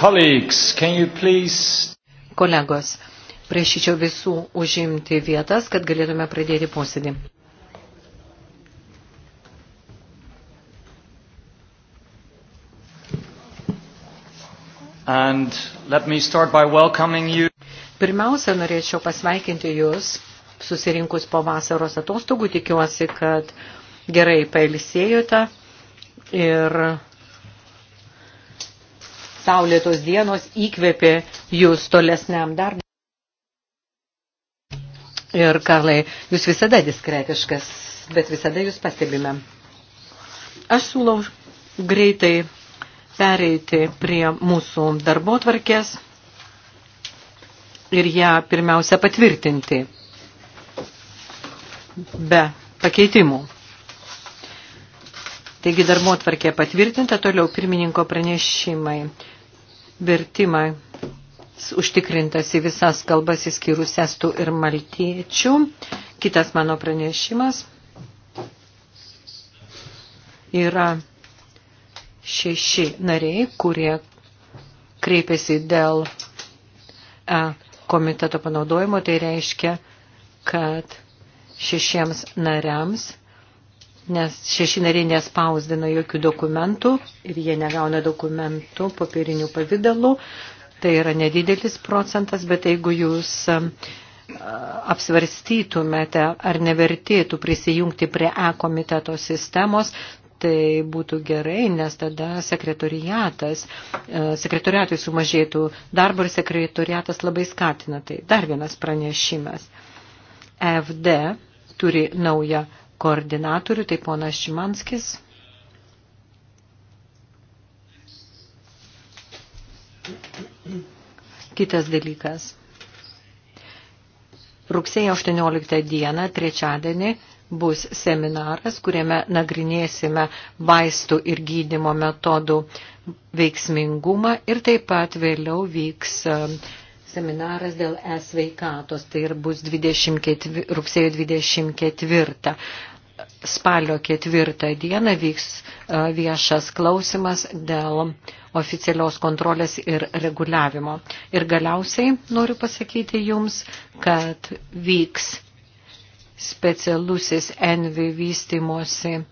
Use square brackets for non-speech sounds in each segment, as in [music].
Colleagues, can you please... Kolegos, prašyčiau visų užimti vietas, kad galėtume pradėti posėdį. And let me start by welcoming you. Pirmiausia, norėčiau pasveikinti Jūs susirinkus po vasaros atostogų. Tikiuosi, kad gerai pailsėjote ir saulėtos dienos įkvėpė jūs tolesniam darbui. Ir, Karlai, jūs visada diskretiškas, bet visada jūs pastebime. Aš siūlau greitai pereiti prie mūsų darbo tvarkės ir ją pirmiausia patvirtinti be pakeitimų. Taigi darbo tvarkė patvirtinta, toliau pirmininko pranešimai vertimą užtikrintas į visas kalbas įskyrus estų ir maltiečių. Kitas mano pranešimas yra šeši nariai, kurie kreipėsi dėl e, komiteto panaudojimo, tai reiškia, kad šešiems nariams nes šeši nariai nespausdino jokių dokumentų ir jie negauna dokumentų popierinių pavydalų. Tai yra nedidelis procentas, bet jeigu jūs um, apsvarstytumėte, ar nevertėtų prisijungti prie E komiteto sistemos, tai būtų gerai, nes tada sekretoriatas, e, sekretoriatui sumažėtų darbo ir sekretoriatas labai skatina tai. Dar vienas pranešimas. FD turi naują koordinatorių, tai ponas Šimanskis. Kitas dalykas. Rugsėjo 18 dieną, trečiadienį, bus seminaras, kuriame nagrinėsime vaistų ir gydimo metodų veiksmingumą ir taip pat vėliau vyks uh, seminaras dėl e-sveikatos, tai ir bus 24, rugsėjo 24. Spalio 4 dieną vyks e, viešas klausimas dėl oficialios kontrolės ir reguliavimo. Ir galiausiai noriu pasakyti Jums, kad vyks specialusis envi vystimosi e,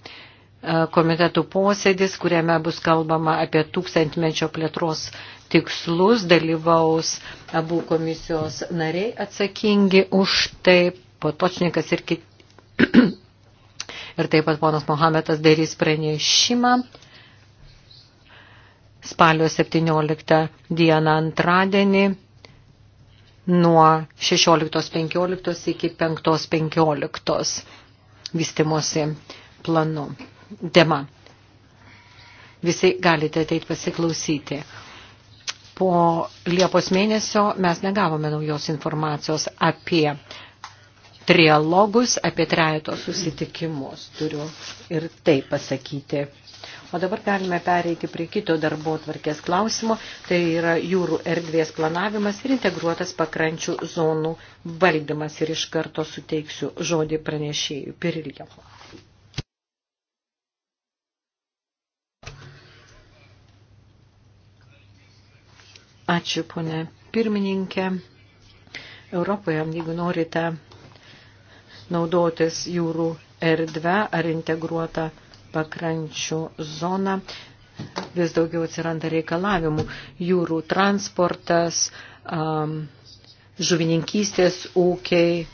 komitetų posėdis, kuriame bus kalbama apie tūkstantmečio plėtros tikslus, dalyvaus abu komisijos nariai atsakingi už tai, potočnikas ir kiti. [clears throat] ir taip pat ponas Mohametas darys pranešimą spalio 17 dieną antradienį nuo 16.15 iki 5.15 vystimosi planu. Tema. Visi galite ateit pasiklausyti po Liepos mėnesio mes negavome naujos informacijos apie trialogus, apie trejato susitikimus, turiu ir tai pasakyti. O dabar galime pereiti prie kito darbo tvarkės klausimo, tai yra jūrų erdvės planavimas ir integruotas pakrančių zonų valdymas. Ir iš karto suteiksiu žodį pranešėjų Pirilievo. Ačiū, ponė pirmininkė. Europoje, jeigu norite naudotis jūrų erdvę ar integruotą pakrančių zoną, vis daugiau atsiranda reikalavimų. Jūrų transportas, žuvininkystės ūkiai,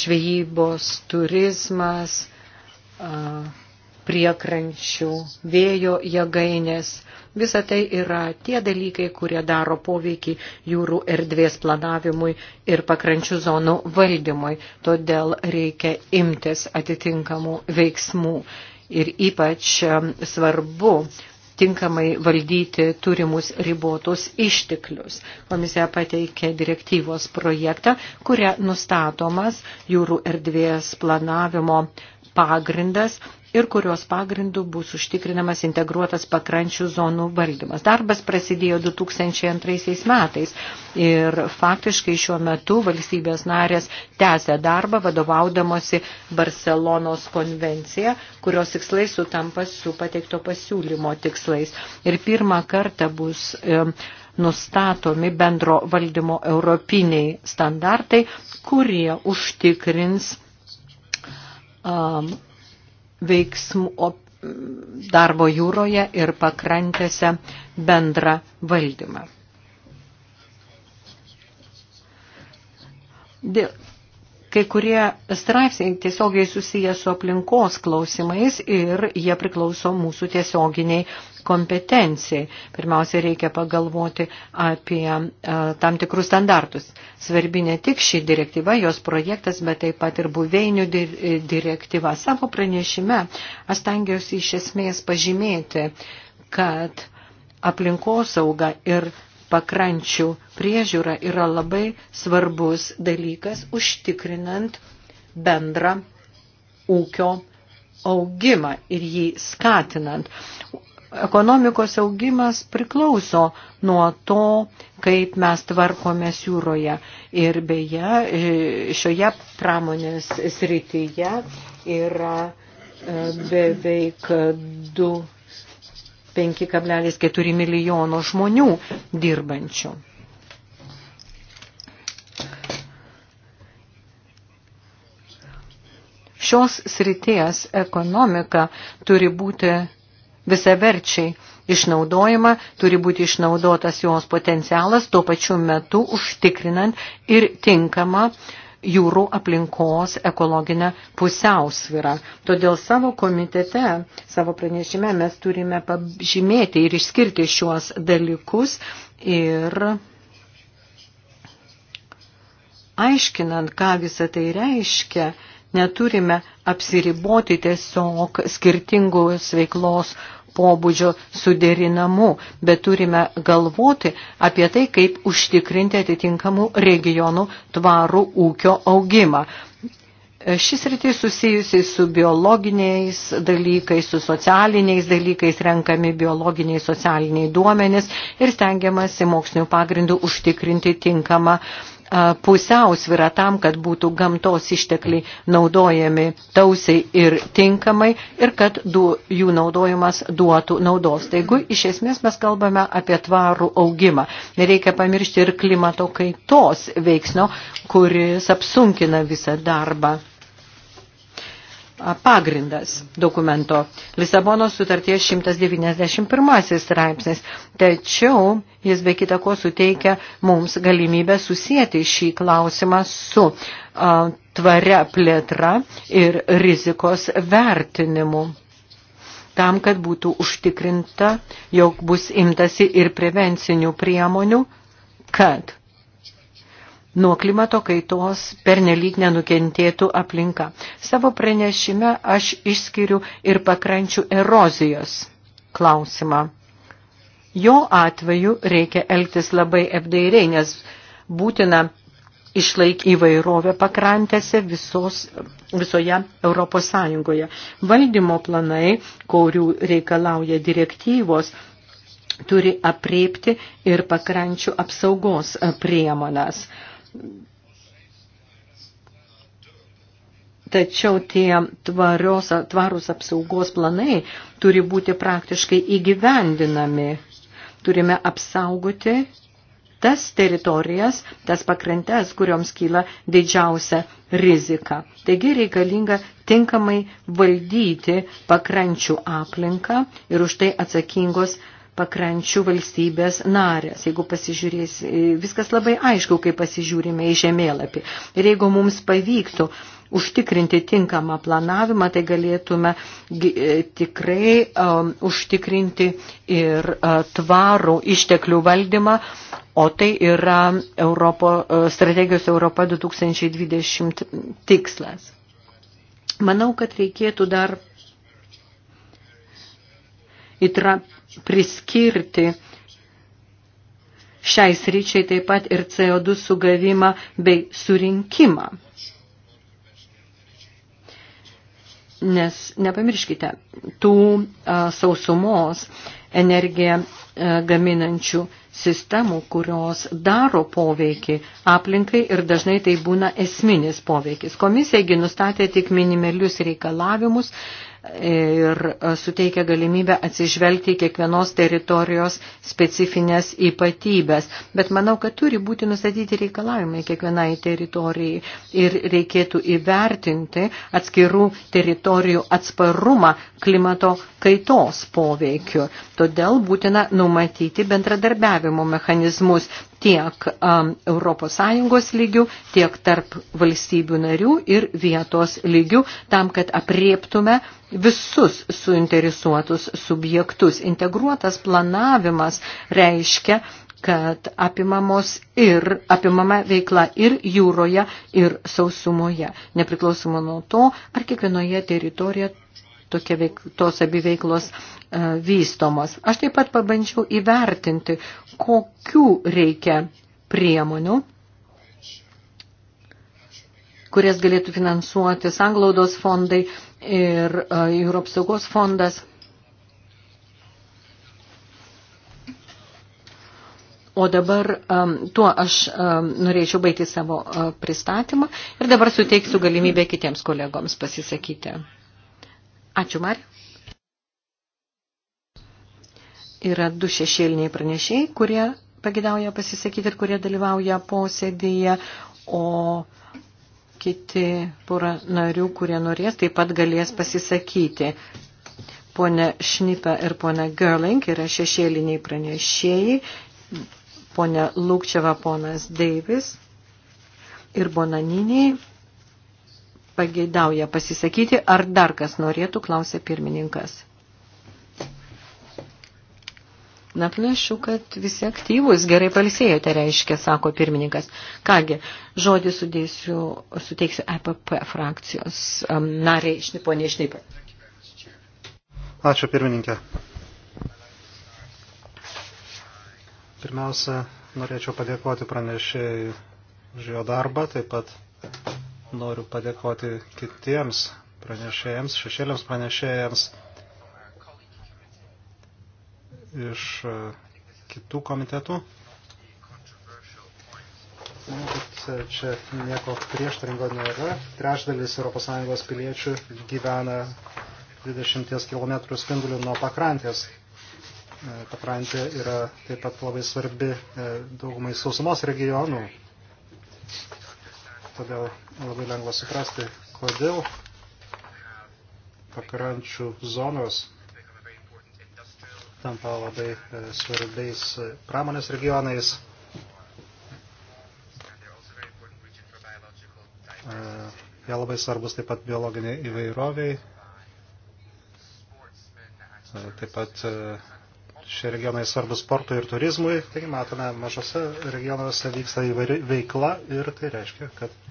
žvejybos, turizmas, priekrančių vėjo jėgainės Visa tai yra tie dalykai, kurie daro poveikį jūrų erdvės planavimui ir pakrančių zonų valdymui. Todėl reikia imtis atitinkamų veiksmų. Ir ypač svarbu tinkamai valdyti turimus ribotus išteklius. Komisija pateikė direktyvos projektą, kuria nustatomas jūrų erdvės planavimo pagrindas ir kurios pagrindų bus užtikrinamas integruotas pakrančių zonų valdymas. Darbas prasidėjo 2002 metais ir faktiškai šiuo metu valstybės narės tęsia darbą vadovaudamosi Barcelonos konvencija, kurios tikslai sutampa su pateikto pasiūlymo tikslais. Ir pirmą kartą bus e, nustatomi bendro valdymo europiniai standartai, kurie užtikrins um, veiksmų mm, darbo jūroje ir pakrantėse bendrą valdymą. Dėl, kai kurie straipsniai tiesiogiai susiję su aplinkos klausimais ir jie priklauso mūsų tiesioginiai kompetencijai. Pirmiausia, reikia pagalvoti apie e, tam tikrus standartus. Svarbi ne tik ši direktyva, jos projektas, bet taip pat ir buveinių direktyva. Savo pranešime aš stengiausi iš esmės pažymėti, kad aplinkosauga ir pakrančių priežiūra yra labai svarbus dalykas užtikrinant bendrą ūkio augimą ir jį skatinant ekonomikos augimas priklauso nuo to, kaip mes tvarkomės jūroje. Ir beje, šioje pramonės srityje yra e, beveik 5,4 milijono žmonių dirbančių. Šios srities ekonomika turi būti visaverčiai išnaudojama, turi būti išnaudotas jos potencialas, tuo pačiu metu užtikrinant ir tinkamą jūrų aplinkos ekologinę pusiausvyrą. Todėl savo komitete, savo pranešime mes turime pažymėti ir išskirti šiuos dalykus ir aiškinant, ką visą tai reiškia, neturime apsiriboti tiesiog skirtingos veiklos pobūdžio suderinamu, bet turime galvoti apie tai, kaip užtikrinti atitinkamų regionų tvarų ūkio augimą. Šis rytis susijusi su biologiniais dalykais, su socialiniais dalykais, renkami biologiniai socialiniai duomenys ir stengiamasi mokslinių pagrindų užtikrinti tinkamą uh, pusiausvyrą tam, kad būtų gamtos ištekliai naudojami tausiai ir tinkamai ir kad du, jų naudojimas duotų naudos. Taigi, iš esmės mes kalbame apie tvarų augimą. Nereikia pamiršti ir klimato kaitos veiksnio, kuris apsunkina visą darbą pagrindas dokumento. Lisabono sutarties 191 straipsnis, tačiau jis be kita ko suteikia mums galimybę susijęti šį klausimą su a, tvaria plėtra ir rizikos vertinimu tam, kad būtų užtikrinta, jog bus imtasi ir prevencinių priemonių, kad nuo klimato kaitos pernelyg nenukentėtų aplinka. Savo pranešime aš išskiriu ir pakrančių erozijos klausimą. Jo atveju reikia elgtis labai apdairiai, nes būtina išlaik įvairovę pakrantėse visos, visoje Europos Sąjungoje. Valdymo planai, kurių reikalauja direktyvos, turi apriepti ir pakrančių apsaugos priemonas. Tačiau tie tvarios, tvarus apsaugos planai turi būti praktiškai įgyvendinami. Turime apsaugoti tas teritorijas, tas pakrantės, kurioms kyla didžiausia rizika. Taigi reikalinga tinkamai valdyti pakrančių aplinką ir už tai atsakingos pakrančių valstybės narės. Jeigu pasižiūrės, viskas labai aišku, kai pasižiūrime į žemėlapį. Ir jeigu mums pavyktų užtikrinti tinkamą planavimą, tai galėtume e, tikrai um, užtikrinti ir uh, tvarų išteklių valdymą, o tai yra Europo, uh, strategijos Europa 2020 tikslas. Manau, kad reikėtų dar įtra priskirti šiais ryčiai taip pat ir CO2 sugavimą bei surinkimą. Nes nepamirškite, tų a, sausumos energiją a, gaminančių sistemų, kurios daro poveikį aplinkai ir dažnai tai būna esminis poveikis. Komisijagi nustatė tik minimalius reikalavimus ir e, suteikia galimybę atsižvelgti kiekvienos teritorijos specifines ypatybės. Bet manau, kad turi būti nustatyti reikalavimai kiekvienai teritorijai ir reikėtų įvertinti atskirų teritorijų atsparumą klimato kaitos poveikiu. Todėl būtina numatyti bendradarbiavimo mechanizmus tiek um, ES lygių, tiek tarp valstybių narių ir vietos lygių, tam, kad apriektume visus suinteresuotus subjektus. Integruotas planavimas reiškia, kad apimamos ir apimama veikla ir jūroje, ir sausumoje, nepriklausoma nuo to, ar kiekvienoje teritorijoje tokia veik, tos abi veiklos e, vystomos. Aš taip pat pabandžiau įvertinti, kokių reikia priemonių, kurias galėtų finansuoti sanglaudos fondai ir Europos saugos fondas. O dabar e, tuo aš e, norėčiau baigti savo e, pristatymą ir dabar suteiksiu galimybę kitiems kolegoms pasisakyti. Ačiū, Marija. Yra du šešėliniai pranešiai, kurie pagidauja pasisakyti ir kurie dalyvauja posėdėje, o kiti pora narių, kurie norės, taip pat galės pasisakyti. Pone Šnipe ir pone Gerling yra šešėliniai pranešėjai, pone Lūkčeva, ponas Deivis ir Bonaniniai pageidauja pasisakyti, ar dar kas norėtų, klausė pirmininkas. Na, panašu, kad visi aktyvus gerai palsėjote, reiškia, sako pirmininkas. Kągi, žodį sudėsiu, suteiksiu EPP frakcijos um, nariai šniponė šnipai. Ačiū pirmininkė. Pirmiausia, norėčiau padėkoti pranešėjai už jo darbą, taip pat noriu padėkoti kitiems pranešėjams, šešėliams pranešėjams iš e, kitų komitetų. Manau, kad e, čia nieko prieštaringo nėra. Trečdalis ES piliečių gyvena 20 km spinduliu nuo pakrantės. E, pakrantė yra taip pat labai svarbi daugumai sausumos regionų. Todėl labai lengva suprasti, kodėl pakrančių zonos tampa labai e, svarbiais e, pramonės regionais. E, jie labai svarbus taip pat biologiniai įvairoviai. Taip pat šie regionai svarbus sportui ir turizmui. Taigi matome, mažose regionuose vyksta įvairi veikla ir tai reiškia, kad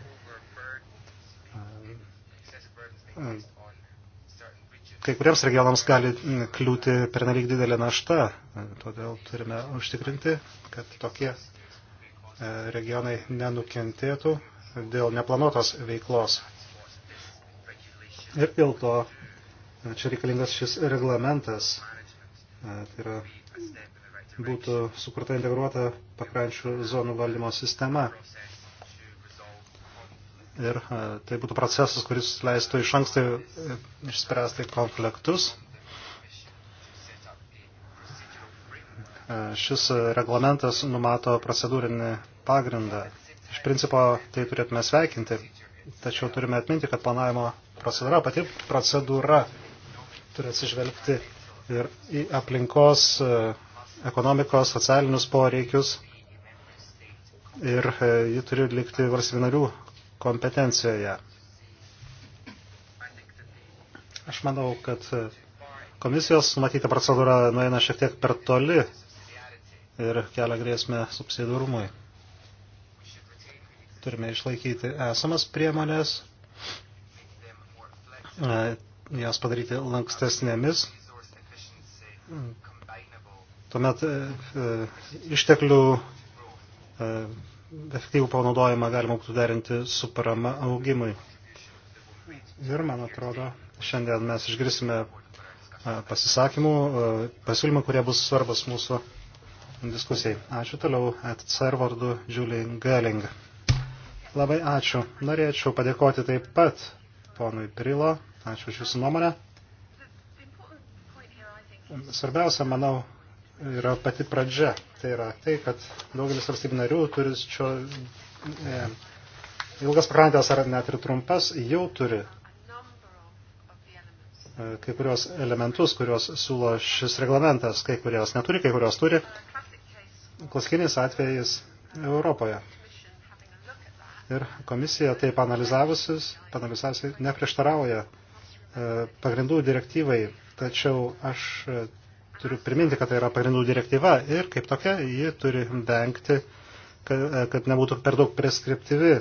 kai kuriems regionams gali mm, kliūti pernelyg didelė našta. Todėl turime užtikrinti, kad tokie e, regionai nenukentėtų dėl neplanuotos veiklos. Ir dėl to e, čia reikalingas šis reglamentas. E, tai yra, būtų sukurta integruota pakrančių zonų valdymo sistema ir e, tai būtų procesas, kuris leistų iš anksto e, išspręsti konfliktus. E, šis reglamentas numato procedūrinį pagrindą. Iš principo tai turėtume sveikinti, tačiau turime atminti, kad planavimo procedūra, pati procedūra turi atsižvelgti ir į aplinkos, ekonomikos, socialinius poreikius ir ji turi likti valstybinarių kompetencijoje. Aš manau, kad komisijos matyta procedūra nueina šiek tiek per toli ir kelia grėsmę subsidiarumui. Turime išlaikyti esamas priemonės, e, jas padaryti lankstesnėmis. Tuomet e, e, išteklių efektyvų panaudojimą galima būtų derinti su parama augimui. Ir, man atrodo, šiandien mes išgirsime pasisakymų, pasiūlymų, kurie bus svarbus mūsų diskusijai. Ačiū toliau, ETCR vardu Julie Gelling. Labai ačiū. Norėčiau padėkoti taip pat ponui Prilo. Ačiū už jūsų nuomonę. Svarbiausia, manau, yra pati pradžia. Tai yra tai, kad daugelis valstybių narių turi šio e, ilgas pakrantės ar net ir trumpas, jau turi e, kai kurios elementus, kuriuos siūlo šis reglamentas, kai kurios neturi, kai kurios turi. Klasikinis atvejis Europoje. Ir komisija tai panalizavusis, panalizavusi neprieštarauja e, pagrindų direktyvai, tačiau aš turiu priminti, kad tai yra pagrindų direktyva ir kaip tokia ji turi vengti, kad nebūtų per daug preskriptyvi.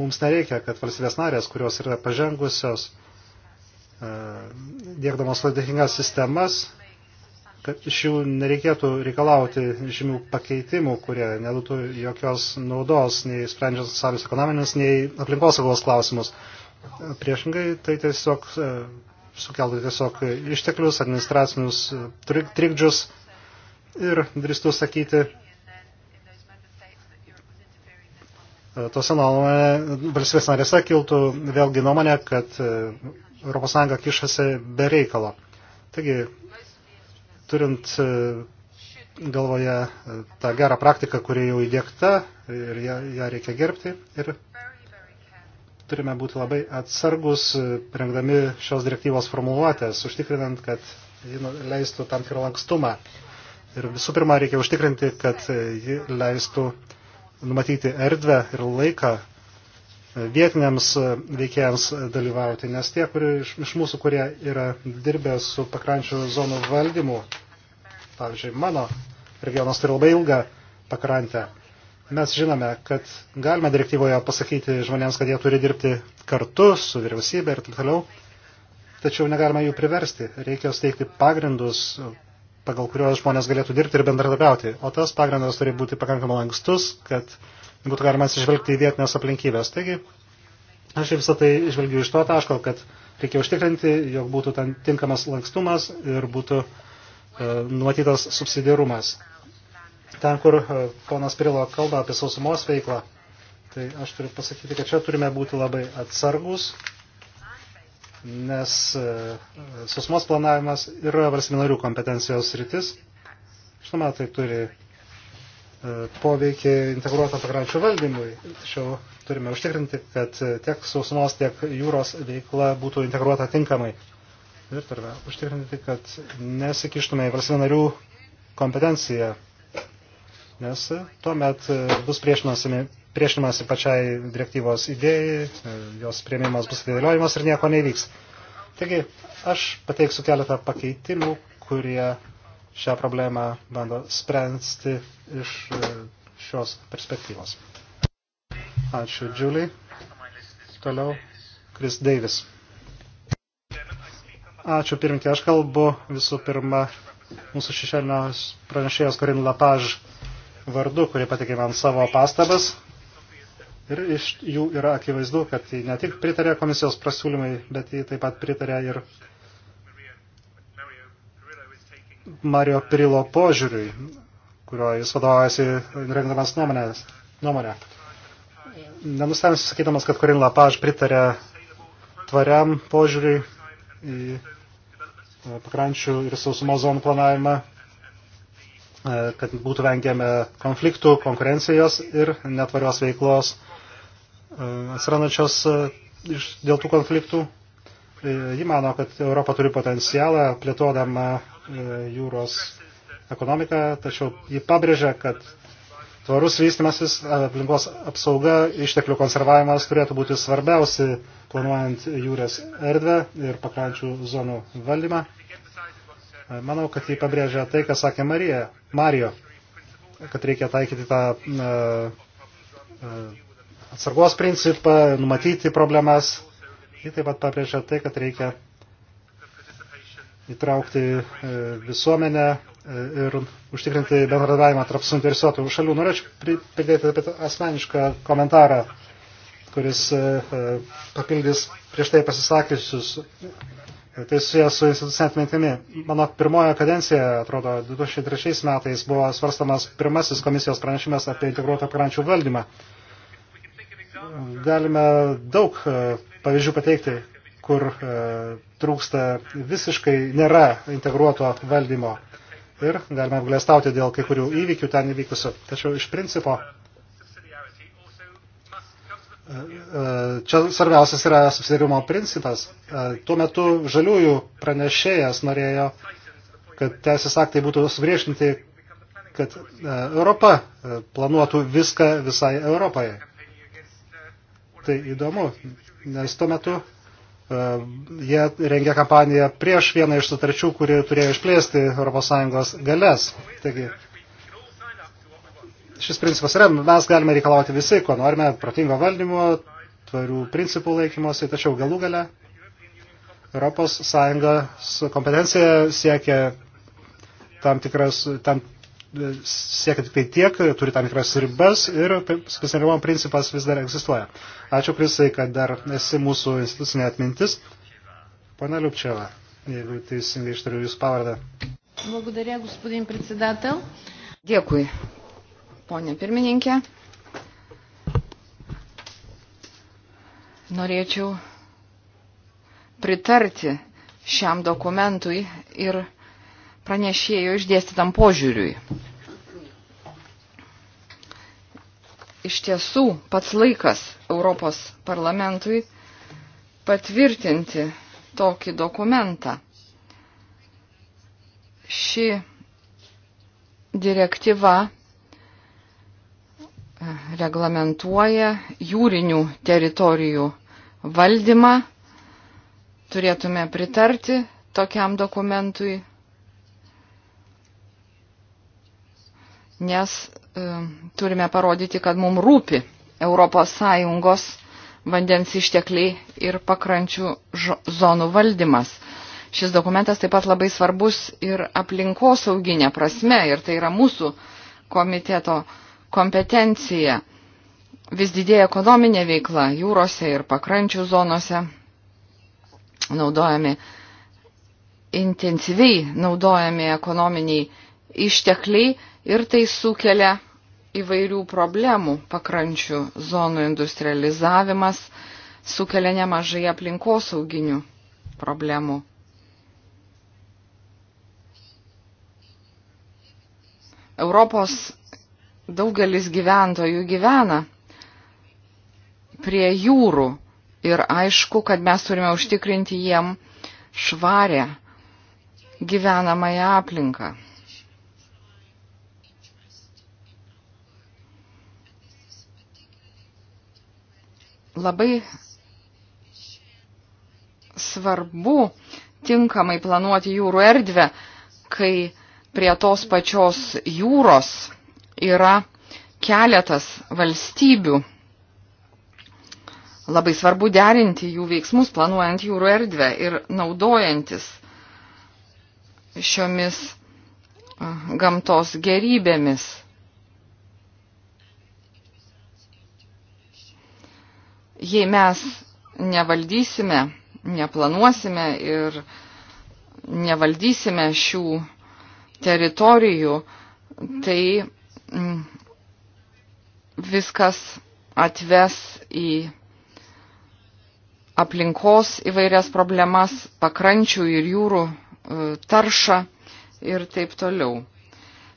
Mums nereikia, kad valstybės narės, kurios yra pažengusios, e, dėkdamos sudėtingas sistemas, kad iš jų nereikėtų reikalauti žymių pakeitimų, kurie neduotų jokios naudos, nei sprendžiant savus ekonominius, nei aplinkosaugos klausimus. Priešingai, tai tiesiog e, sukeltų tiesiog išteklius, administracinius e, trikdžius ir dristų sakyti, e, tose nuomonė, valstybės narėse kiltų vėlgi nuomonė, kad ES kišasi be reikalo. Taigi, turint e, galvoje tą gerą praktiką, kuri jau įdėkta ir ją, ją reikia gerbti ir turime būti labai atsargus, e, rengdami šios direktyvos formuluotės, užtikrinant, kad ji nu, leistų tam tikrą lankstumą. Ir visų pirma, reikia užtikrinti, kad e, ji leistų numatyti erdvę ir laiką e, vietiniams veikėjams dalyvauti, nes tie, kurie iš, iš mūsų, kurie yra dirbę su pakrančių zonų valdymu, pavyzdžiui, mano regionas turi labai ilgą pakrantę, Mes žinome, kad galime direktyvoje pasakyti žmonėms, kad jie turi dirbti kartu su vyriausybė ir taip toliau, tačiau negalima jų priversti. Reikia steigti pagrindus, pagal kuriuos žmonės galėtų dirbti ir bendradarbiauti. O tas pagrindas turi būti pakankamai lankstus, kad būtų galima atsižvelgti į vietinės aplinkybės. Taigi, aš visą tai žvelgiu iš to taško, kad reikia užtikrinti, jog būtų ten tinkamas lankstumas ir būtų e, numatytas subsidiarumas ten, kur e, ponas Prilo kalba apie sausumos veiklą, tai aš turiu pasakyti, kad čia turime būti labai atsargus, nes e, sausumos planavimas yra valstybinarių kompetencijos rytis. Žinoma, tai turi e, poveikį integruotam pakrančių valdymui. Tačiau turime užtikrinti, kad tiek sausumos, tiek jūros veikla būtų integruota tinkamai. Ir turime užtikrinti, kad nesikištume į valstybinarių kompetenciją nes e, tuomet e, bus priešinamasi pačiai direktyvos idėjai, e, jos prieimimas bus atidėliojimas ir nieko nevyks. Taigi, aš pateiksiu keletą pakeitimų, kurie šią problemą bando spręsti iš šios perspektyvos. Ačiū, Julie. Toliau, Chris Davis. Ačiū, pirminkė. Aš kalbu visų pirma mūsų šešėlinės pranešėjos Korin Lapaž vardu, kurie patikė man savo pastabas. Ir iš jų yra akivaizdu, kad jį ne tik pritarė komisijos prasiūlymai, bet jį taip pat pritarė ir Mario Pirilo požiūriui, kurio jis vadovaujasi rengdamas nuomonės, nuomonę. Nenustebęs sakydamas, kad Korin Lapaž pritarė tvariam požiūriui į e, pakrančių ir sausumo zonų planavimą E, kad būtų vengiame konfliktų, konkurencijos ir netvarios veiklos e, atsirandančios e, dėl tų konfliktų. Ji mano, kad Europa turi potencialą plėtodama jūros ekonomiką, tačiau ji pabrėžia, kad tvarus vystimasis, aplinkos apsauga, išteklių konservavimas turėtų būti svarbiausi planuojant jūrės erdvę ir pakrančių zonų valdymą. Manau, kad jį pabrėžia tai, ką sakė Marija, Mario, kad reikia taikyti tą atsargos principą, numatyti problemas. Jį taip pat pabrėžia tai, kad reikia įtraukti e, visuomenę e, ir užtikrinti bendradavimą tarp suinteresuotų šalių. Norėčiau pridėti apie asmenišką komentarą, kuris e, papildys prieš tai pasisakysius Tai susijęs su institucinė atmintimi. Mano pirmojo kadencija, atrodo, 2003 metais buvo svarstamas pirmasis komisijos pranešimas apie integruotą pakrančių valdymą. Galime daug e, pavyzdžių pateikti, kur e, trūksta visiškai nėra integruoto valdymo. Ir galime apglėstauti dėl kai kurių įvykių ten įvykusių. Tačiau iš principo Čia svarbiausias yra subsidiarumo principas. E, tuo metu žaliųjų pranešėjas norėjo, kad teisės aktai būtų sugriežtinti, kad e, Europa e, planuotų viską visai Europoje. Tai įdomu, nes tuo metu jie rengia kampaniją prieš vieną iš sutarčių, kuri turėjo išplėsti ES galės. Taigi, šis principas yra, mes galime reikalauti visi, ko norime, protingo valdymo, tvarių principų laikymosi, tačiau galų gale Europos Sąjunga su kompetencija siekia tam tikras, tam siekia tik tai tiek, turi tam tikras ribas ir specialiuomo principas vis dar egzistuoja. Ačiū, Krisai, kad dar esi mūsų institucinė atmintis. Pana Liupčeva, jeigu teisingai ištariu jūsų pavardę. Благодаря, господин председател. Dėkui, ponė pirmininkė. Norėčiau pritarti šiam dokumentui ir pranešėjo išdėstytam požiūriui. Iš tiesų, pats laikas Europos parlamentui patvirtinti tokį dokumentą. Ši direktyva reglamentuoja jūrinių teritorijų valdymą. Turėtume pritarti tokiam dokumentui, nes e, turime parodyti, kad mums rūpi ES vandens ištekliai ir pakrančių zonų valdymas. Šis dokumentas taip pat labai svarbus ir aplinkosauginė prasme, ir tai yra mūsų komiteto uh, kompetencija. Vis didėja ekonominė veikla jūrose ir pakrančių zonose. Naudojami intensyviai naudojami ekonominiai ištekliai ir tai sukelia įvairių problemų pakrančių zonų industrializavimas sukelia nemažai aplinkosauginių problemų. Europos daugelis gyventojų gyvena prie jūrų ir aišku, kad mes turime užtikrinti jiem švarę gyvenamąją aplinką. Labai svarbu tinkamai planuoti jūrų erdvę, kai prie tos pačios jūros yra keletas valstybių. Labai svarbu derinti jų veiksmus, planuojant jūrų erdvę ir naudojantis šiomis uh, gamtos gerybėmis. Jei mes nevaldysime, neplanuosime ir nevaldysime šių teritorijų, tai Mm. viskas atves į aplinkos įvairias problemas, pakrančių ir jūrų e, taršą ir taip toliau.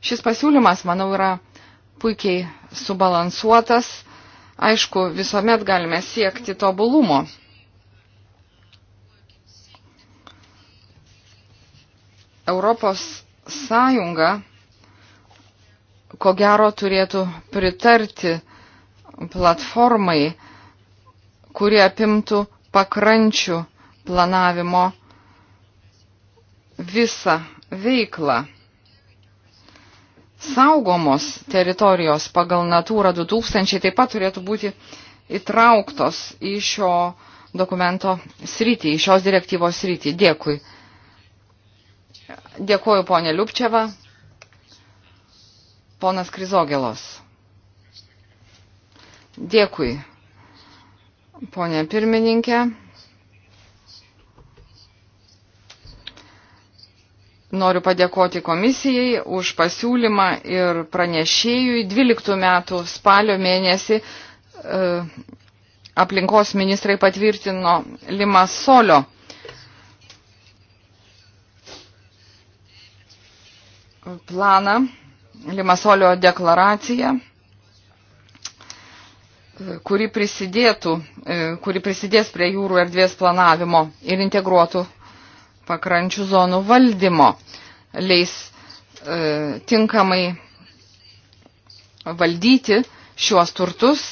Šis pasiūlymas, manau, yra puikiai subalansuotas. Aišku, visuomet galime siekti tobulumo. Europos Sąjunga ko gero turėtų pritarti platformai, kurie apimtų pakrančių planavimo visą veiklą. Saugomos teritorijos pagal Natūra 2000 taip pat turėtų būti įtrauktos į šio dokumento sritį, į šios direktyvos sritį. Dėkui. Dėkuoju, ponė Liupčeva. Ponas Krizogelos. Dėkui, ponė pirmininkė. Noriu padėkoti komisijai už pasiūlymą ir pranešėjui 12 metų spalio mėnesį e, aplinkos ministrai patvirtino Limasolio planą Limasolio deklaraciją, kuri, prisidėtų, e, kuri prisidės prie jūrų erdvės planavimo ir integruotų pakrančių zonų valdymo, leis e, tinkamai valdyti šiuos turtus.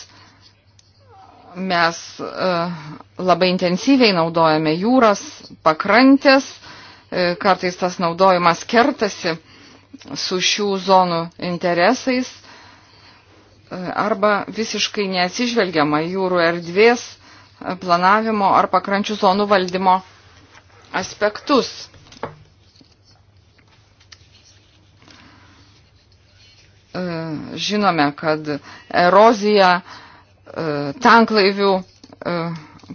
Mes e, labai intensyviai naudojame jūras, pakrantės, e, kartais tas naudojimas kertasi. E, su šių zonų interesais e, arba visiškai neatsižvelgiama jūrų erdvės e, planavimo ar pakrančių zonų valdymo aspektus. E, žinome, kad erozija, tanklaivių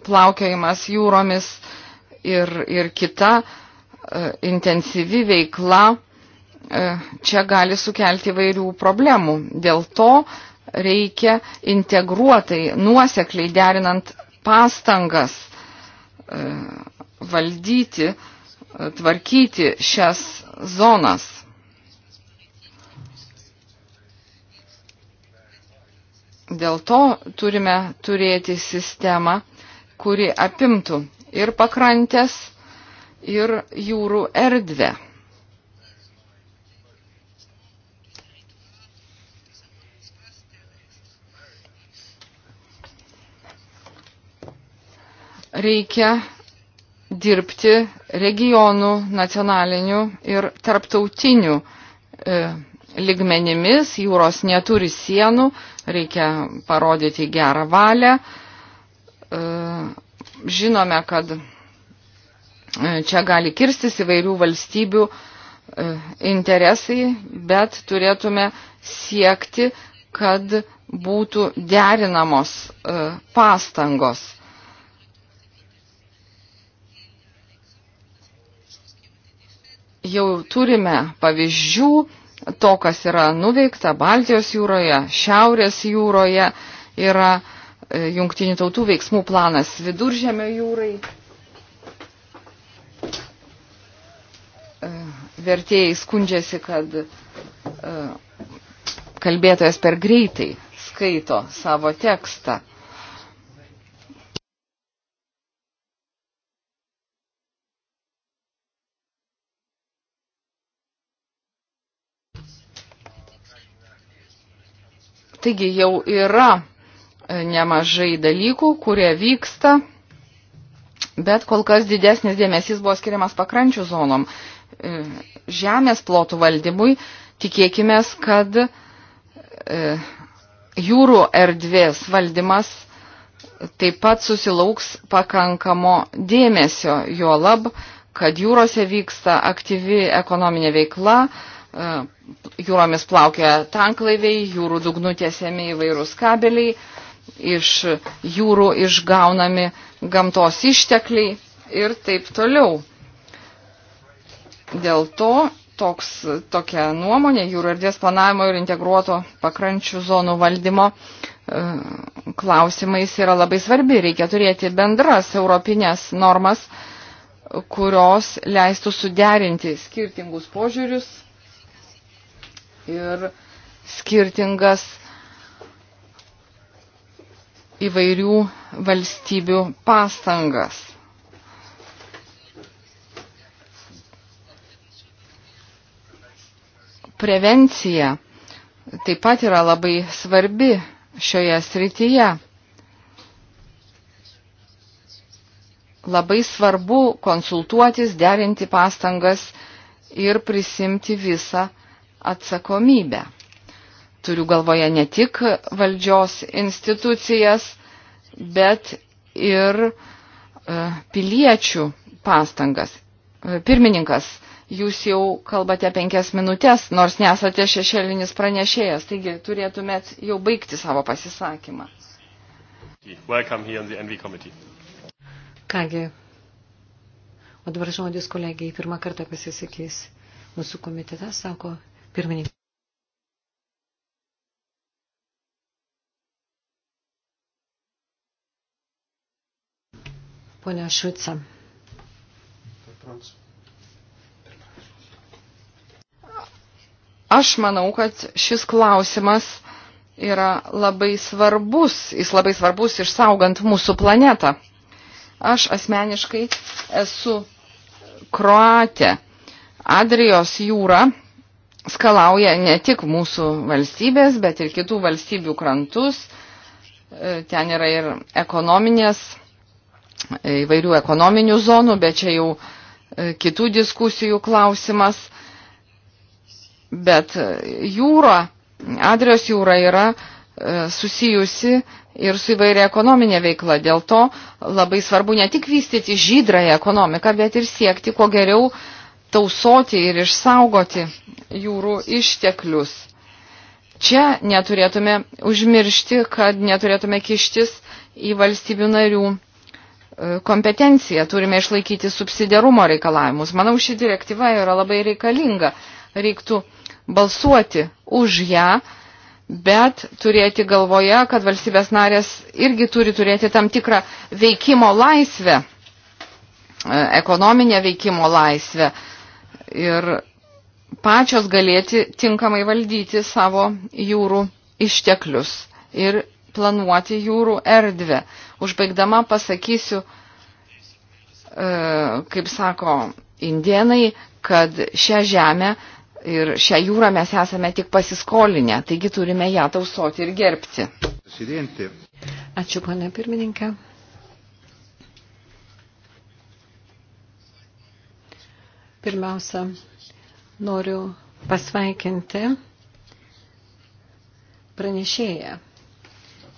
plaukiojimas jūromis ir, ir kita intensyvi veikla E, čia gali sukelti vairių problemų. Dėl to reikia integruotai, nuosekliai derinant pastangas e, valdyti, e, tvarkyti šias zonas. Dėl to turime turėti sistemą, kuri apimtų ir pakrantės, ir jūrų erdvę. reikia dirbti regionų, nacionalinių ir tarptautinių e, ligmenimis. Jūros neturi sienų, reikia parodyti gerą valią. E, žinome, kad e, čia gali kirstis įvairių valstybių e, interesai, bet turėtume siekti, kad būtų derinamos e, pastangos. jau turime pavyzdžių to, kas yra nuveikta Baltijos jūroje, Šiaurės jūroje, yra e, jungtinių tautų veiksmų planas viduržėmio jūrai. E, vertėjai skundžiasi, kad e, kalbėtojas per greitai skaito savo tekstą. Taigi jau yra e, nemažai dalykų, kurie vyksta, bet kol kas didesnis dėmesys buvo skiriamas pakrančių zonom. E, žemės plotų valdymui tikėkime, kad e, jūrų erdvės valdymas taip pat susilauks pakankamo dėmesio, jo lab, kad jūrose vyksta aktyvi ekonominė veikla, jūromis plaukia tanklaiviai, jūrų dugnu tiesiami įvairūs kabeliai, iš jūrų išgaunami gamtos ištekliai ir taip toliau. Dėl to toks, tokia nuomonė jūrų erdvės planavimo ir integruoto pakrančių zonų valdymo e, klausimais yra labai svarbi. Reikia turėti bendras europinės normas, kurios leistų suderinti skirtingus požiūrius ir skirtingas įvairių valstybių pastangas. Prevencija taip pat yra labai svarbi šioje srityje. Labai svarbu konsultuotis, derinti pastangas ir prisimti visą atsakomybę. Turiu galvoje ne tik valdžios institucijas, bet ir e, piliečių pastangas. E, pirmininkas, jūs jau kalbate penkias minutės, nors nesate šešėlinis pranešėjas, taigi turėtumėt jau baigti savo pasisakymą. Kągi, o dabar žodis kolegijai pirmą kartą pasisakys. Mūsų komitetas sako pirmininkas. Pone Šuica. Aš manau, kad šis klausimas yra labai svarbus, jis labai svarbus išsaugant mūsų planetą. Aš asmeniškai esu Kroatė. Adrijos jūra skalauja ne tik mūsų valstybės, bet ir kitų valstybių krantus. E, ten yra ir ekonominės, e, įvairių ekonominių zonų, bet čia jau e, kitų diskusijų klausimas. Bet jūra, Adrios jūra yra susijusi ir su įvairia ekonominė veikla. Dėl to labai svarbu ne tik vystyti žydrąją ekonomiką, bet ir siekti kuo geriau uh, tausoti ir išsaugoti jūrų išteklius. Čia neturėtume užmiršti, kad neturėtume kištis į valstybių narių e, kompetenciją, turime išlaikyti subsidiarumo reikalavimus. Manau, ši direktyva yra labai reikalinga. Reiktų balsuoti už ją, bet turėti galvoje, kad valstybės narės irgi turi turėti tam tikrą veikimo laisvę, e, ekonominę veikimo laisvę ir pačios galėti tinkamai valdyti savo jūrų išteklius ir planuoti jūrų erdvę. Užbaigdama pasakysiu, e, kaip sako indienai, kad šią žemę ir šią jūrą mes esame tik pasiskolinę, taigi turime ją tausoti ir gerbti. Ačiū, pane pirmininkė. Pirmiausia, noriu pasveikinti pranešėją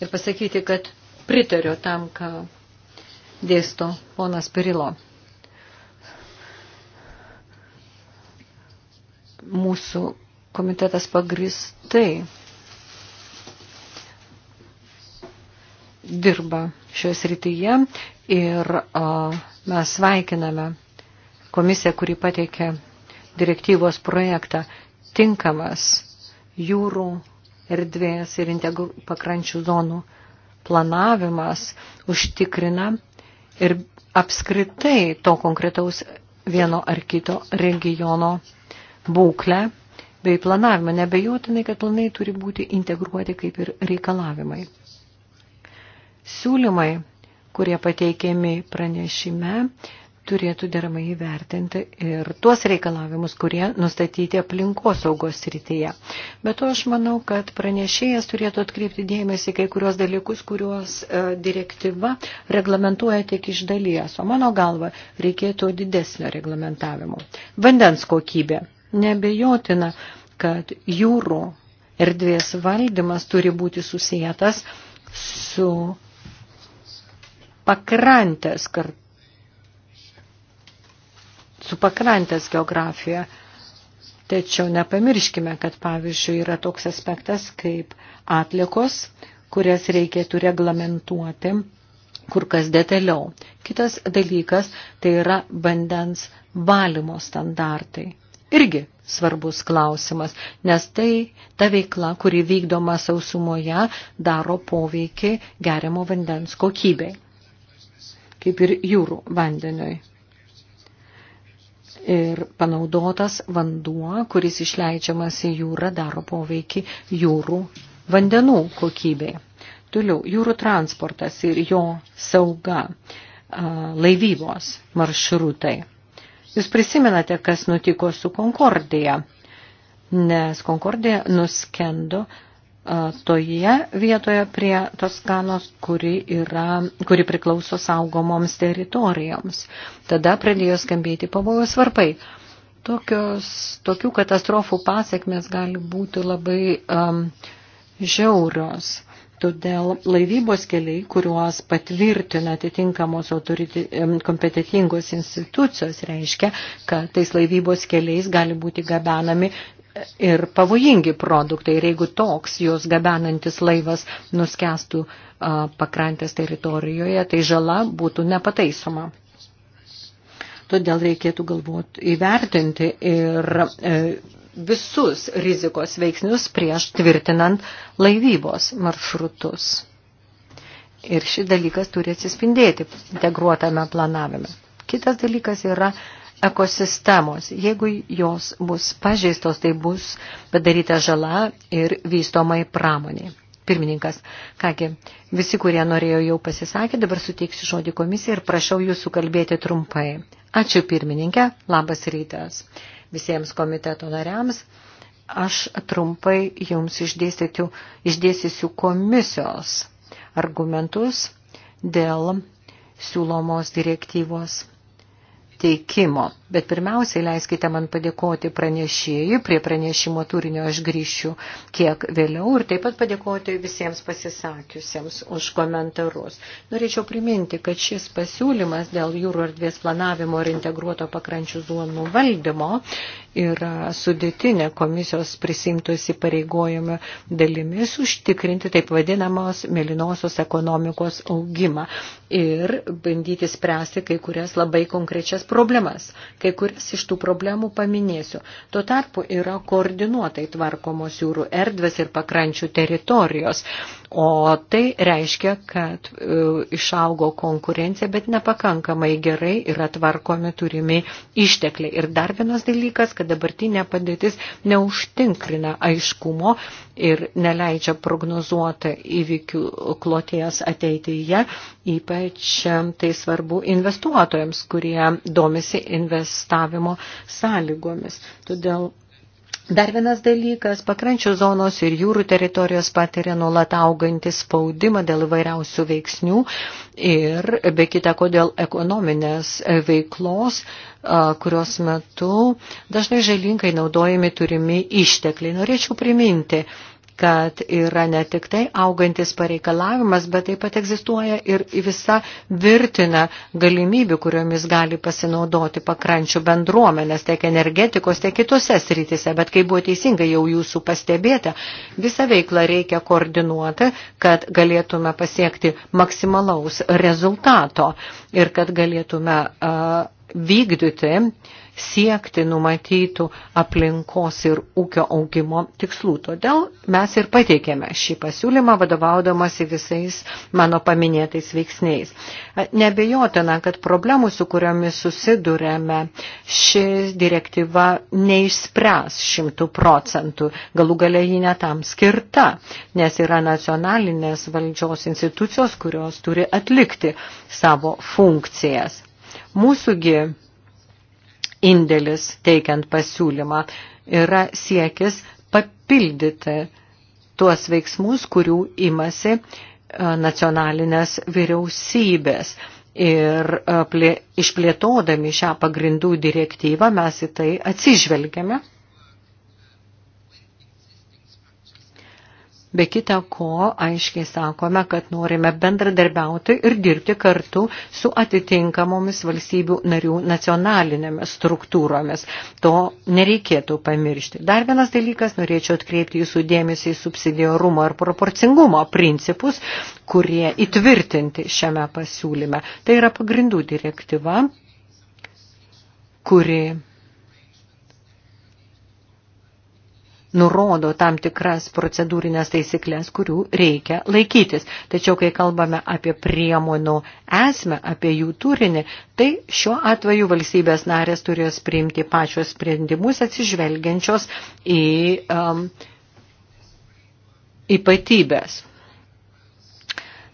ir pasakyti, kad pritariu tam, ką dėsto ponas Pirilo. Mūsų komitetas pagristai dirba šioje srityje ir a, mes sveikiname komisija, kuri pateikė direktyvos projektą, tinkamas jūrų erdvės ir integrų pakrančių zonų planavimas užtikrina ir apskritai to konkretaus vieno ar kito regiono būklę bei planavimą. Nebejotinai, kad planai turi būti integruoti kaip ir reikalavimai. Siūlymai, kurie pateikiami pranešime, turėtų deramai įvertinti ir tuos reikalavimus, kurie nustatyti aplinkosaugos srityje. Bet to aš manau, kad pranešėjas turėtų atkreipti dėmesį kai kurios dalykus, kuriuos e, direktyva reglamentuoja tik iš dalies, o mano galva reikėtų didesnio reglamentavimo. Vandens kokybė. Nebejotina, kad jūrų erdvės valdymas turi būti susijęs su pakrantės kartu su pakrantės geografija. Tačiau nepamirškime, kad pavyzdžiui yra toks aspektas kaip atlikos, kurias reikėtų reglamentuoti kur kas detaliau. Kitas dalykas tai yra vandens valymo standartai. Irgi svarbus klausimas, nes tai ta veikla, kuri vykdoma sausumoje, daro poveikį geriamo vandens kokybei, kaip ir jūrų vandeniui ir panaudotas vanduo, kuris išleidžiamas į jūrą, daro poveikį jūrų vandenų kokybei. Toliau, jūrų transportas ir jo sauga, laivybos maršrutai. Jūs prisimenate, kas nutiko su Konkordija, nes Konkordija nuskendo toje vietoje prie Toskanos, kuri, yra, kuri priklauso saugomoms teritorijoms. Tada pradėjo skambėti pavojus varpai. Tokios, tokių katastrofų pasiekmes gali būti labai um, žiaurios. Todėl laivybos keliai, kuriuos patvirtina atitinkamos autoriti, kompetitingos institucijos, reiškia, kad tais laivybos keliais gali būti gabenami ir pavojingi produktai. Ir jeigu toks jos gabenantis laivas nuskestų pakrantės teritorijoje, tai žala būtų nepataisoma. Todėl reikėtų galbūt įvertinti ir e, visus rizikos veiksnius prieš tvirtinant laivybos maršrutus. Ir šis dalykas turi atsispindėti integruotame planavime. Kitas dalykas yra uh, ekosistemos. Jeigu jos bus pažeistos, tai bus padaryta žala ir vystomai pramoniai. Pirmininkas, kągi, visi, kurie norėjo jau pasisakė, dabar suteiksiu žodį komisiją ir prašau jūsų kalbėti trumpai. Ačiū pirmininkė, labas rytas visiems komiteto nariams. Aš trumpai jums išdėstysiu komisijos argumentus dėl siūlomos direktyvos teikimo. Bet pirmiausiai leiskite man padėkoti pranešėjui, prie pranešimo turinio aš grįšiu kiek vėliau ir taip pat padėkoti visiems pasisakiusiems už komentarus. Norėčiau priminti, kad šis pasiūlymas dėl jūrų erdvės planavimo ir integruoto pakrančių zonų valdymo yra sudėtinė komisijos prisimtų įsipareigojimų dalimis užtikrinti taip vadinamos mėlynosios ekonomikos augimą ir bandyti spręsti kai kurias labai konkrečias bet problemas. Kai kurias iš tų problemų paminėsiu. Tuo tarpu yra koordinuotai tvarkomos jūrų erdvės ir pakrančių teritorijos, O tai reiškia, kad e, išaugo konkurencija, bet nepakankamai gerai yra tvarkomi turimi ištekliai. Ir dar vienas dalykas, kad dabartinė padėtis neužtinkrina aiškumo ir neleidžia prognozuoti įvykių kloties ateityje, ypač e, tai svarbu investuotojams, kurie domisi investavimo sąlygomis. Todėl Dar vienas dalykas, pakrančių zonos ir jūrų teritorijos patiria nuolat augantį spaudimą dėl įvairiausių veiksnių ir be kita ko dėl ekonominės veiklos, kurios metu dažnai žalinkai naudojami turimi ištekliai. Norėčiau priminti, kad yra ne tik tai augantis pareikalavimas, bet taip pat egzistuoja ir visa virtina galimybių, kuriomis gali pasinaudoti pakrančių bendruomenės tiek energetikos, tiek kitose srityse. Bet kai buvo teisingai jau jūsų pastebėta, visą veiklą reikia koordinuoti, kad galėtume pasiekti maksimalaus rezultato ir kad galėtume uh, vykdyti siekti numatytų aplinkos ir ūkio augimo tikslų. Todėl mes ir pateikėme šį pasiūlymą vadovaudamasi visais mano paminėtais veiksniais. Nebejotina, kad problemų, su kuriomis susidurėme, ši direktyva neišspręs šimtų procentų. Galų galia ji netam skirta, nes yra nacionalinės valdžios institucijos, kurios turi atlikti savo funkcijas Mūsųgi indėlis teikiant pasiūlymą yra siekis papildyti tuos veiksmus, kurių imasi e, nacionalinės vyriausybės. Ir e, plė, išplėtodami šią pagrindų direktyvą mes į tai atsižvelgiame Be kita ko, aiškiai sakome, kad norime bendradarbiauti ir dirbti kartu su atitinkamomis valstybių narių nacionalinėmis struktūromis. To nereikėtų pamiršti. Dar vienas dalykas, norėčiau atkreipti jūsų dėmesį į subsidiarumo ir proporcingumo principus, kurie įtvirtinti šiame pasiūlyme. Tai yra pagrindų direktyva kuri nurodo tam tikras procedūrinės taisyklės, kurių reikia laikytis. Tačiau, kai kalbame apie priemonų esmę, apie jų turinį, tai šiuo atveju valstybės narės turės priimti pačios sprendimus atsižvelgiančios į um, ypatybės.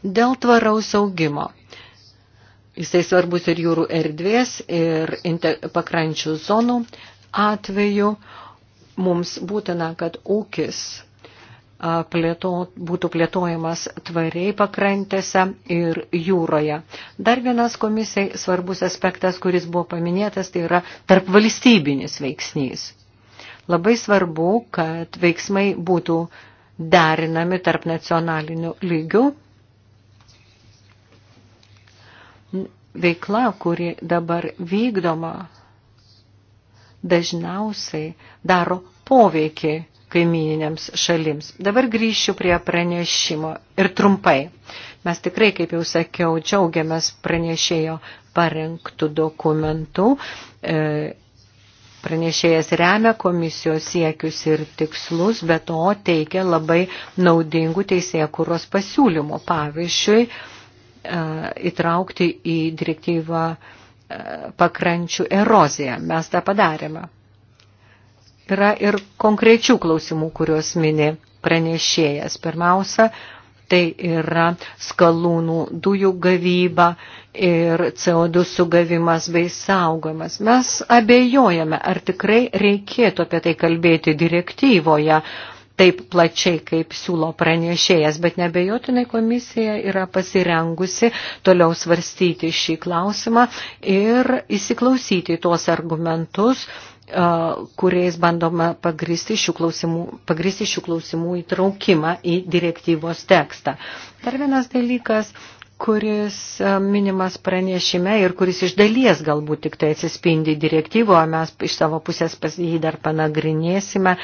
Dėl tvaraus augimo. Jisai svarbus ir jūrų erdvės, ir pakrančių zonų atveju, mums būtina, kad ūkis plėto, būtų plėtojamas tvariai pakrantėse ir jūroje. Dar vienas komisijai svarbus aspektas, kuris buvo paminėtas, tai yra tarp valstybinis veiksnys. Labai svarbu, kad veiksmai būtų derinami tarp nacionalinių lygių. Veikla, kuri dabar vykdoma dažniausiai daro poveikį kaimininėms šalims. Dabar grįšiu prie pranešimo ir trumpai. Mes tikrai, kaip jau sakiau, džiaugiamės pranešėjo parengtų dokumentų. E, pranešėjas remia komisijos siekius ir tikslus, bet to teikia labai naudingų teisėkuros pasiūlymų. Pavyzdžiui, e, įtraukti į direktyvą pakrančių eroziją. Mes tą padarėme. Yra ir konkrečių klausimų, kuriuos mini pranešėjas. Pirmiausia, tai yra skalūnų dujų gavyba ir CO2 sugavimas bei saugomas. Mes abejojame, ar tikrai reikėtų apie tai kalbėti direktyvoje, taip plačiai, kaip siūlo pranešėjas, bet nebejotinai komisija yra pasirengusi toliau svarstyti šį klausimą ir įsiklausyti tuos argumentus, kuriais bandoma pagristi šių, klausimų, pagristi šių klausimų įtraukimą į direktyvos tekstą. Dar vienas dalykas kuris e, minimas pranešime ir kuris iš dalies galbūt tik tai atsispindi direktyvoje, mes iš savo pusės jį dar panagrinėsime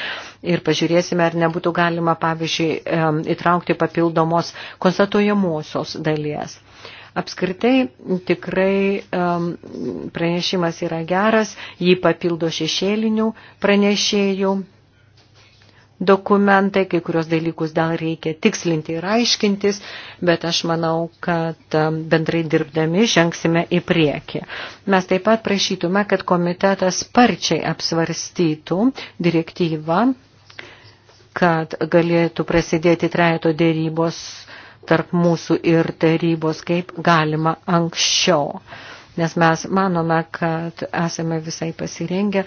ir pažiūrėsime, ar nebūtų galima, pavyzdžiui, e, įtraukti papildomos konstatuojamosios dalies. Apskritai tikrai um, pranešimas yra geras, jį papildo šešėlinių pranešėjų dokumentai, kai kurios dalykus dar reikia tikslinti ir aiškintis, bet aš manau, kad um, bendrai dirbdami žengsime į priekį. Mes taip pat prašytume, kad komitetas sparčiai apsvarstytų direktyvą, kad galėtų prasidėti trejato dėrybos tarp mūsų ir tarybos kaip galima anksčiau. Nes mes manome, kad esame visai pasirengę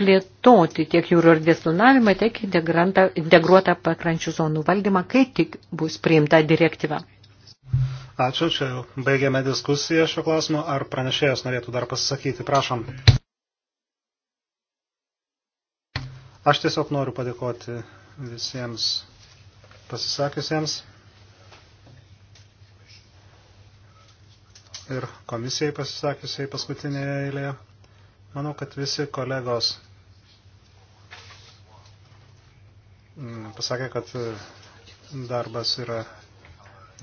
plėtoti tiek jūrų erdvės planavimą, tiek integruotą pakrančių zonų valdymą, kai tik bus priimta direktyva. Ačiū, čia jau baigėme diskusiją šio klausimu. Ar pranešėjas norėtų dar pasisakyti? Prašom. Aš tiesiog noriu padėkoti visiems pasisakiusiems ir komisijai pasisakiusiai paskutinėje eilėje. Manau, kad visi kolegos mm, pasakė, kad e, darbas yra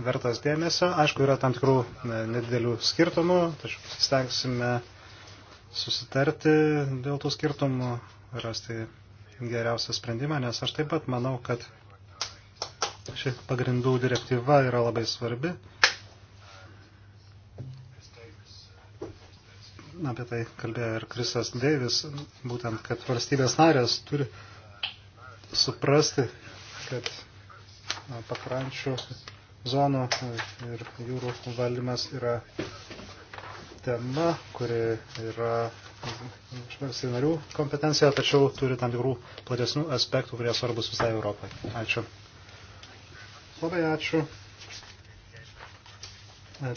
vertas dėmesio. Aišku, yra tam tikrų e, nedidelių skirtumų, tačiau pasistengsime susitarti dėl tų skirtumų, rasti geriausią sprendimą, nes aš taip pat manau, kad ši pagrindų direktyva yra labai svarbi. apie tai kalbėjo ir Krisas Deivis, būtent, kad valstybės narės turi suprasti, kad na, pakrančių zonų ir jūrų valdymas yra tema, kuri yra valstybių narių kompetencija, tačiau turi tam tikrų platesnių aspektų, kurie svarbus visai Europai. Ačiū. Labai ačiū.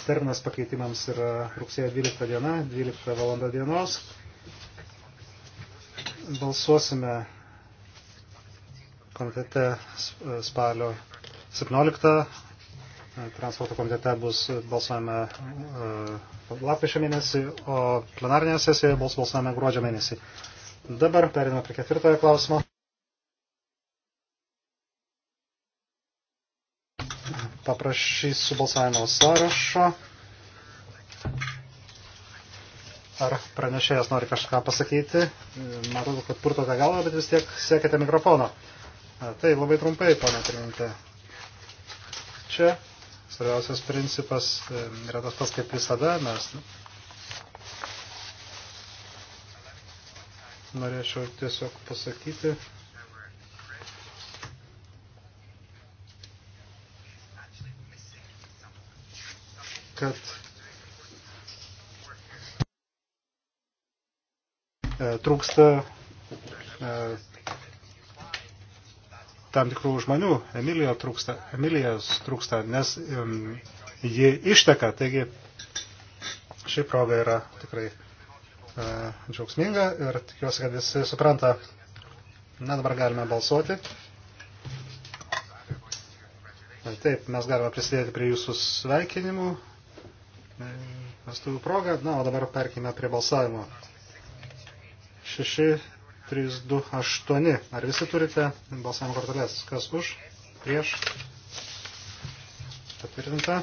Terminas pakeitimams yra rugsėjo 12 diena, 12 valanda dienos. Balsuosime komitete spalio 17. Transporto komitete bus balsuojame e, lapkričio mėnesį, o plenarinėje sesijoje bus balsuojame gruodžio mėnesį. Dabar perėmame prie ketvirtojo klausimo. paprašysiu balsavimo sąrašo. Ar pranešėjas nori kažką pasakyti? Matau, kad purtote galvą, bet vis tiek siekite mikrofono. Tai labai trumpai, pana pirmininkė. Čia svarbiausias principas e, yra tas pats kaip visada. Mes norėčiau tiesiog pasakyti, kad e, trūksta e, tam tikrų žmonių, Emilija trūksta, Emilijos trūksta, nes um, ji išteka, taigi ši proga yra tikrai uh, džiaugsminga ir tikiuosi, kad visi supranta. Na, dabar galime balsuoti. Taip, mes galime prisidėti prie jūsų sveikinimų vestuvių progą. Na, o dabar perkime prie balsavimo. 6, 3, 2, 8. Ar visi turite balsavimo korteles? Kas už? Prieš? Patvirtinta.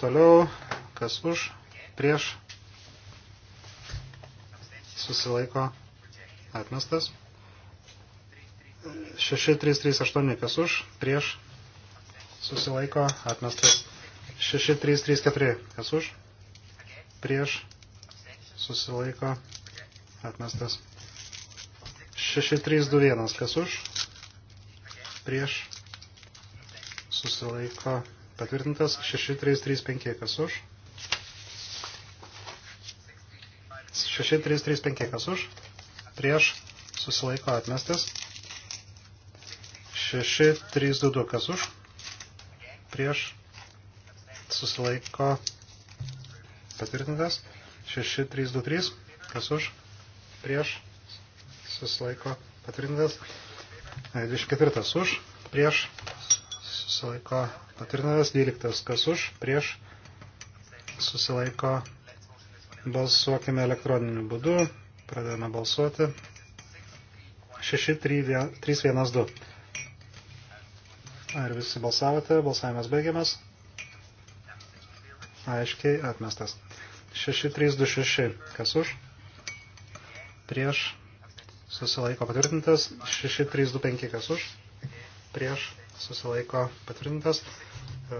Toliau. Kas už? Prieš? Susilaiko. Atmestas. 6, 3, 3, 8. Kas už? Prieš? Susilaiko. Atmestas. 6334. Kas už? Prieš. Susilaiko. Atmestas. 6321. Kas už? Prieš. Susilaiko. Patvirtintas. 6335. Kas už? 6335. Kas už? Prieš. Susilaiko. Atmestas. 6322. Kas už? Prieš susilaiko patvirtintas. 6323, kas už, prieš, susilaiko patvirtintas. 24 už, prieš, susilaiko patvirtintas. 12 kas už, prieš, susilaiko balsuokime elektroniniu būdu. Pradedame balsuoti. 6312. Ar visi balsavote? Balsavimas baigiamas aiškiai atmestas. 6326, kas už, prieš, susilaiko patvirtintas, 6325, kas už, prieš, susilaiko patvirtintas,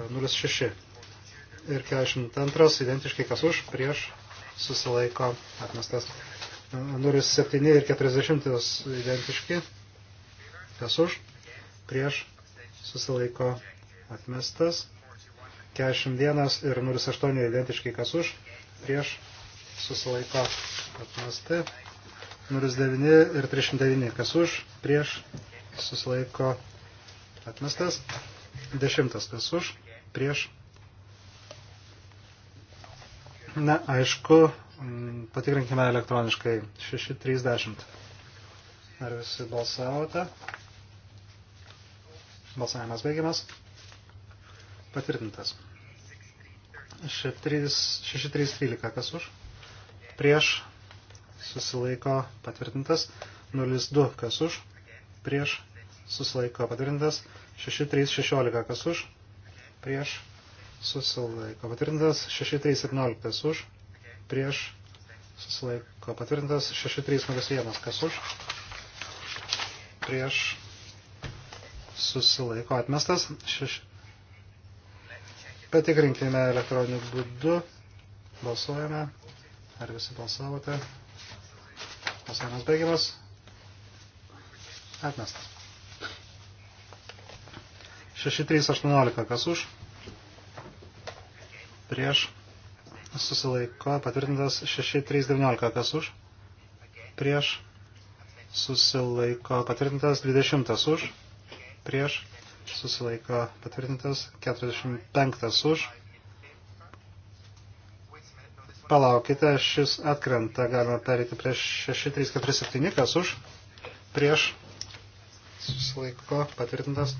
06 ir 42, identiškai kas už, prieš, susilaiko atmestas. 07 ir 40 identiški, kas už, prieš, susilaiko atmestas. 41 ir 08 identiškai kas už, prieš susilaiko atmesti. 09 ir 309 kas už, prieš susilaiko atmestas. 10 kas už, prieš. Na, aišku, mm, patikrinkime elektroniškai. 6.30. Ar visi balsavote? Balsavimas baigiamas. Patvirtintas. 6313, kas už, prieš, susilaiko patvirtintas, 02, kas už, prieš, susilaiko patvirtintas, 6316, kas už, prieš, susilaiko patvirtintas, 6317, už, prieš, susilaiko patvirtintas, 6301, kas už, prieš, susilaiko atmestas, 6 Patikrinkime elektroniniu būdu. Balsuojame. Ar visi balsavote? Balsavimas baigiamas. Atmestas. 6318. Kas už? Prieš. Susilaiko. Patvirtintas 6319. Kas už? Prieš. Susilaiko. Patvirtintas 20 už. Prieš prieš susilaiko patvirtintas, 45 už. Palaukite, šis atkrenta, galima perėti prieš 6347, kas už, prieš susilaiko patvirtintas,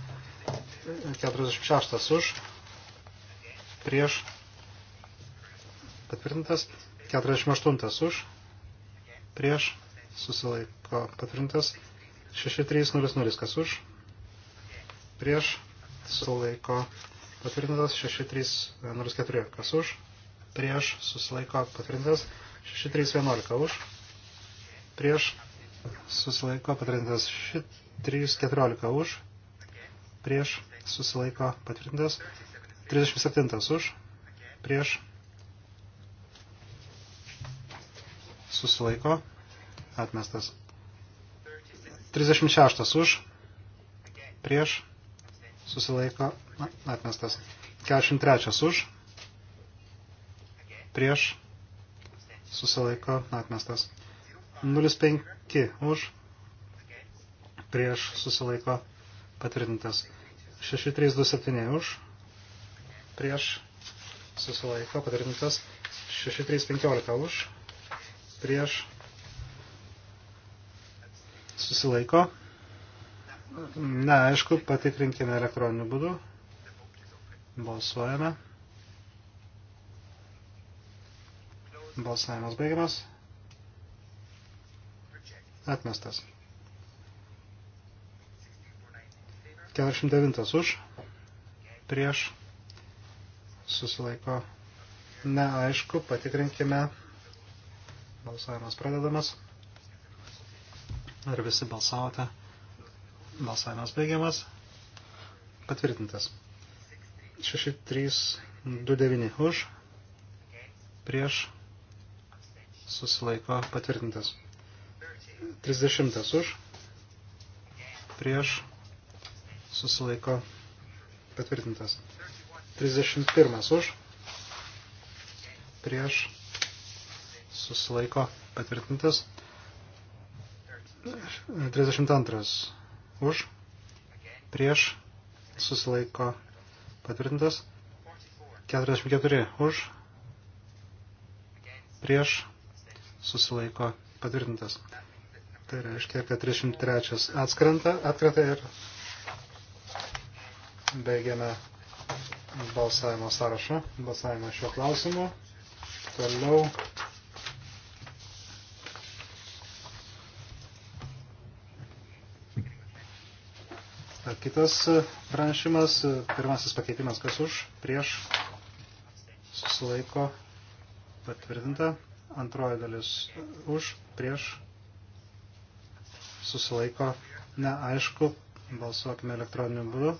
46 už, prieš patvirtintas, 48 už, prieš susilaiko patvirtintas, 6300 kas už, prieš, sulaiko patvirtintas 6304, kas už, prieš, susilaiko patvirtintas 6311 už, prieš, susilaiko patvirtintas 6314 už, prieš, susilaiko patvirtintas 37 už, prieš, susilaiko, atmestas. 36 už, prieš, susilaiko atmestas. 43 už, prieš, susilaiko atmestas. 05 už, prieš, susilaiko patvirtintas. 6327 už, prieš, susilaiko patvirtintas. 6315 už, prieš, susilaiko patvirtintas Na, aišku, patikrinkime elektroniniu būdu. Balsuojame. Balsavimas baigiamas. Atmestas. 49 už. Prieš. Susilaiko. Neaišku, patikrinkime. Balsavimas pradedamas. Ar visi balsavote? Balsavimas baigiamas. Patvirtintas. 6329 už. Prieš. Susilaiko patvirtintas. 30 už. Prieš. Susilaiko patvirtintas. 31 už. Prieš. Susilaiko patvirtintas. 32 už, prieš, susilaiko patvirtintas, 44 už, prieš, susilaiko patvirtintas. Tai reiškia, kad 33 atskrenta, atkrenta ir baigiame balsavimo sąrašą, balsavimą šiuo klausimu. Toliau kitas e, pranešimas, e, pirmasis pakeitimas, kas už, prieš, susilaiko, patvirtinta, antroji dalis e, už, prieš, susilaiko, neaišku, balsuokime elektroniniu būdu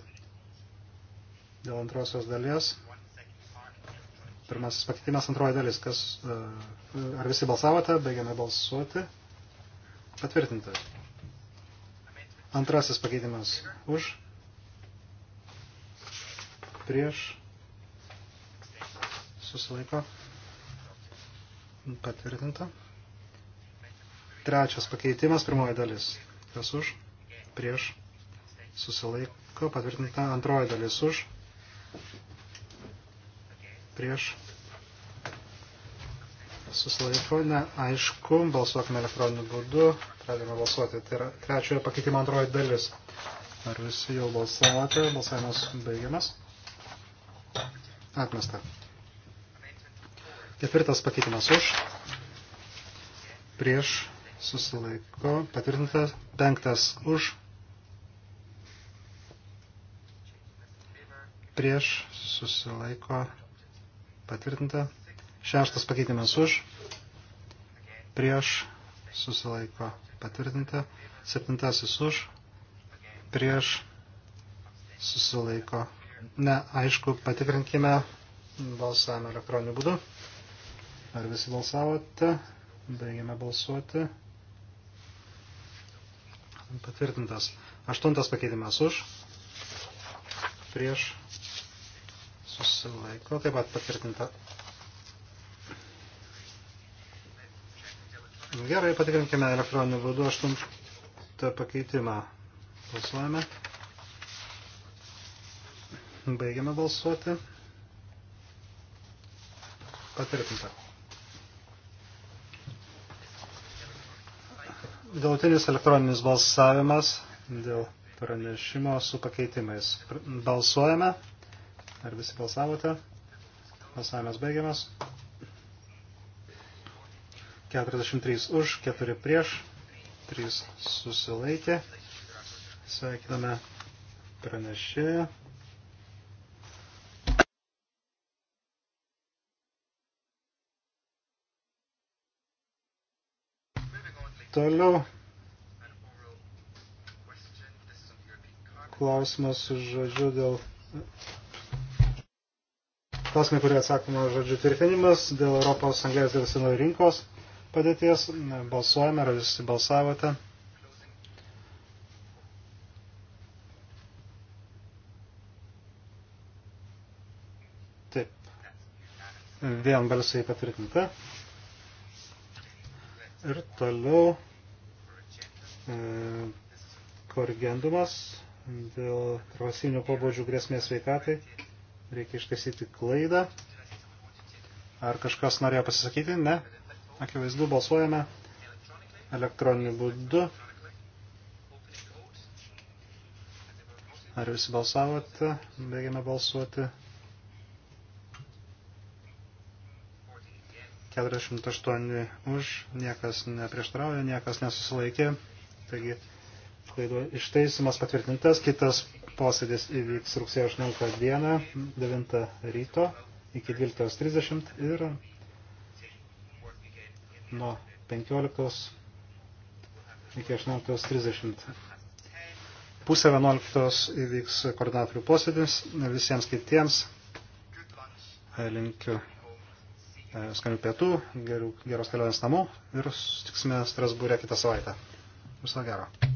dėl antrosios dalies. Pirmasis pakeitimas, antroji dalis, kas, ar visi balsavote, baigiame balsuoti, patvirtinta. Antrasis pakeitimas už, prieš, susilaiko, patvirtinta. Trečias pakeitimas, pirmoji dalis, kas už, prieš, susilaiko, patvirtinta. Antroji dalis už, prieš, susilaiko, neaišku, balsuokime elektroniniu būdu galime balsuoti. Tai yra trečiojo pakeitimo antroji dalis. Ar visi jau balsavote? Balsavimas baigiamas. Atmesta. Ketvirtas pakeitimas už. Prieš susilaiko. Patvirtintas. Penktas už. Prieš susilaiko. Patvirtinta. Šeštas pakeitimas už prieš susilaiko patvirtinta. Septintasis už, prieš, susilaiko. Neaišku, patikrinkime balsavimą elektroniniu būdu. Ar visi balsavote? Baigėme balsuoti. Patvirtintas. Aštuntas pakeitimas už. Prieš. Susilaiko. Taip pat patvirtinta. Nu, gerai, patikrinkime elektroniniu būdu aštuntą pakeitimą. Balsuojame. Baigiame balsuoti. Patvirtinta. Galutinis elektroninis balsavimas dėl pranešimo su pakeitimais. Balsuojame. Ar visi balsavote? Balsavimas baigiamas. 43 už, 4 prieš, 3 susilaikė. Sveikiname pranešėją. Toliau klausimas žodžiu dėl klausimai, kurie atsakoma žodžiu tvirtinimas dėl Europos anglės dėl senų rinkos padėties. Balsuojame, ar visi balsavote. Taip. Vien balsai patvirtinta. Ir toliau e, korrigendumas dėl rasinių pobūdžių grėsmės sveikatai. Reikia ištaisyti klaidą. Ar kažkas norėjo pasisakyti? Ne. Akivaizdu, balsuojame elektroniniu būdu. Ar visi balsavote? Baigiame balsuoti. 48 už, niekas neprieštarauja, niekas nesusilaikė. Taigi, klaidų išteisimas patvirtintas, kitas posėdis įvyks rugsėjo 18 dieną, 9 ryto iki 12.30 ir nuo 15 iki 18.30. Pusę 11 įvyks koordinatorių posėdis. Visiems kitiems e, linkiu e, skanių pietų, gerų, geros kelionės namų ir sutiksime Strasbūrė kitą savaitę. Viso gero.